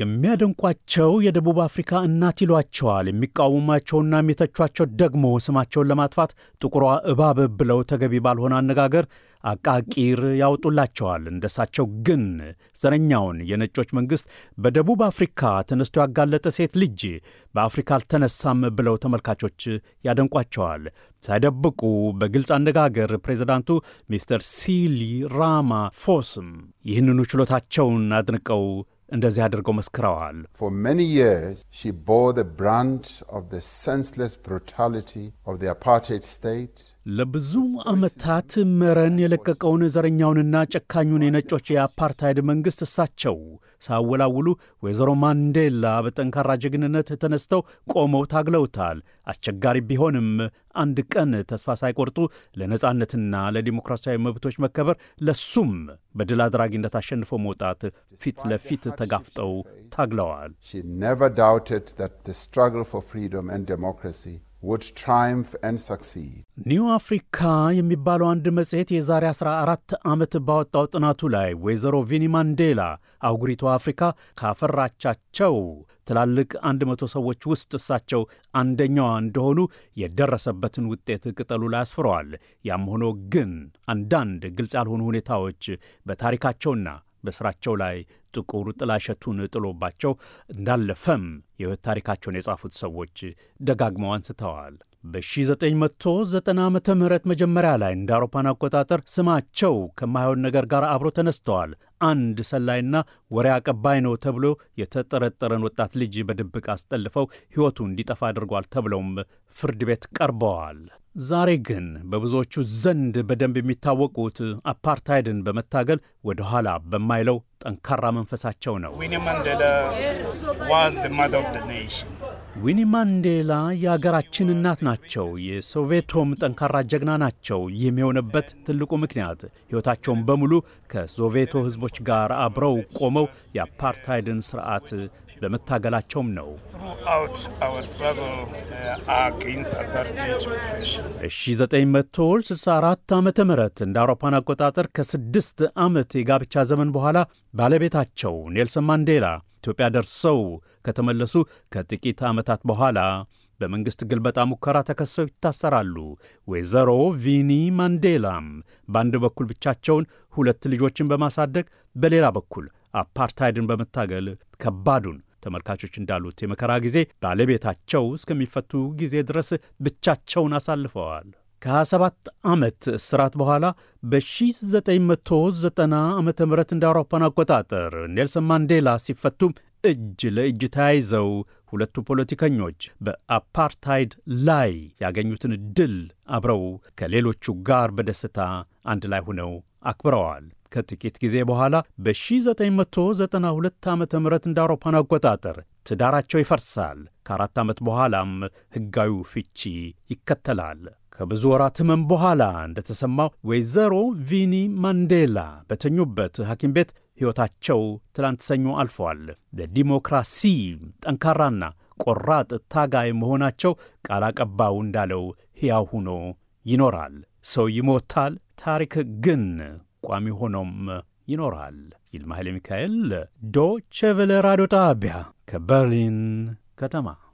የሚያደንቋቸው የደቡብ አፍሪካ እናት ይሏቸዋል። የሚቃወሟቸውና የሚተቿቸው ደግሞ ስማቸውን ለማጥፋት ጥቁሯ እባብ ብለው ተገቢ ባልሆነ አነጋገር አቃቂር ያወጡላቸዋል። እንደሳቸው ግን ዘረኛውን የነጮች መንግሥት በደቡብ አፍሪካ ተነስቶ ያጋለጠ ሴት ልጅ በአፍሪካ አልተነሳም ብለው ተመልካቾች ያደንቋቸዋል። ሳይደብቁ በግልጽ አነጋገር ፕሬዚዳንቱ ሚስተር ሲሊ ራማ ፎስም ይህንኑ ችሎታቸውን አድንቀው እንደዚህ አድርገው መስክረዋል። ለብዙ ዓመታት መረን የለቀቀውን ዘረኛውንና ጨካኙን የነጮች የአፓርታይድ መንግሥት እሳቸው ሳወላውሉ ወይዘሮ ማንዴላ በጠንካራ ጀግንነት ተነስተው ቆመው ታግለውታል። አስቸጋሪ ቢሆንም አንድ ቀን ተስፋ ሳይቆርጡ ለነጻነትና ለዲሞክራሲያዊ መብቶች መከበር ለሱም በድል አድራጊነት አሸንፎ መውጣት ፊት ለፊት ተጋፍጠው ታግለዋል። ኒው አፍሪካ የሚባለው አንድ መጽሔት የዛሬ 14 ዓመት ባወጣው ጥናቱ ላይ ወይዘሮ ቪኒ ማንዴላ አህጉሪቱ አፍሪካ ካፈራቻቸው ትላልቅ 100 ሰዎች ውስጥ እሳቸው አንደኛዋ እንደሆኑ የደረሰበትን ውጤት ቅጠሉ ላይ አስፍረዋል። ያም ሆኖ ግን አንዳንድ ግልጽ ያልሆኑ ሁኔታዎች በታሪካቸውና በስራቸው ላይ ጥቁር ጥላሸቱን ጥሎባቸው እንዳለፈም የሕይወት ታሪካቸውን የጻፉት ሰዎች ደጋግመው አንስተዋል። በ1990 ዓ ም መጀመሪያ ላይ እንደ አውሮፓን አቆጣጠር ስማቸው ከማይሆን ነገር ጋር አብሮ ተነስተዋል። አንድ ሰላይና ወሬ አቀባይ ነው ተብሎ የተጠረጠረን ወጣት ልጅ በድብቅ አስጠልፈው ሕይወቱ እንዲጠፋ አድርጓል ተብለውም ፍርድ ቤት ቀርበዋል። ዛሬ ግን በብዙዎቹ ዘንድ በደንብ የሚታወቁት አፓርታይድን በመታገል ወደ ኋላ በማይለው ጠንካራ መንፈሳቸው ነው። ዊኒ ማንዴላ የአገራችን እናት ናቸው። የሶቪየቶም ጠንካራ ጀግና ናቸው። ይህም የሆነበት ትልቁ ምክንያት ሕይወታቸውን በሙሉ ከሶቪየቶ ሕዝቦች ጋር አብረው ቆመው የአፓርታይድን ስርዓት በመታገላቸውም ነው። በ1964 ዓ ም እንደ አውሮፓን አቆጣጠር ከስድስት ዓመት የጋብቻ ዘመን በኋላ ባለቤታቸው ኔልሰን ማንዴላ ኢትዮጵያ ደርሰው ከተመለሱ ከጥቂት ዓመታት በኋላ በመንግሥት ግልበጣ ሙከራ ተከሰው ይታሰራሉ። ወይዘሮ ቪኒ ማንዴላም በአንድ በኩል ብቻቸውን ሁለት ልጆችን በማሳደግ በሌላ በኩል አፓርታይድን በመታገል ከባዱን ተመልካቾች እንዳሉት የመከራ ጊዜ ባለቤታቸው እስከሚፈቱ ጊዜ ድረስ ብቻቸውን አሳልፈዋል። ከ27 ዓመት እስራት በኋላ በ1990 ዓ ም እንደ አውሮፓን አቆጣጠር ኔልሰን ማንዴላ ሲፈቱም እጅ ለእጅ ተያይዘው ሁለቱ ፖለቲከኞች በአፓርታይድ ላይ ያገኙትን ድል አብረው ከሌሎቹ ጋር በደስታ አንድ ላይ ሆነው አክብረዋል። ከጥቂት ጊዜ በኋላ በ1992 ዓ ም እንደ አውሮፓን አቆጣጠር ትዳራቸው ይፈርሳል። ከአራት ዓመት በኋላም ሕጋዊ ፍቺ ይከተላል። ከብዙ ወራት ህመም በኋላ እንደተሰማው ወይዘሮ ቪኒ ማንዴላ በተኙበት ሐኪም ቤት ሕይወታቸው ትላንት ሰኞ አልፈዋል። ለዲሞክራሲ ጠንካራና ቆራጥ ታጋይ መሆናቸው ቃል አቀባው እንዳለው ሕያው ሆኖ ይኖራል። ሰው ይሞታል፣ ታሪክ ግን ቋሚ ሆኖም ይኖራል። ይልማ ኃይለ ሚካኤል ዶቼ ቬለ ራዲዮ ጣቢያ ከበርሊን कथम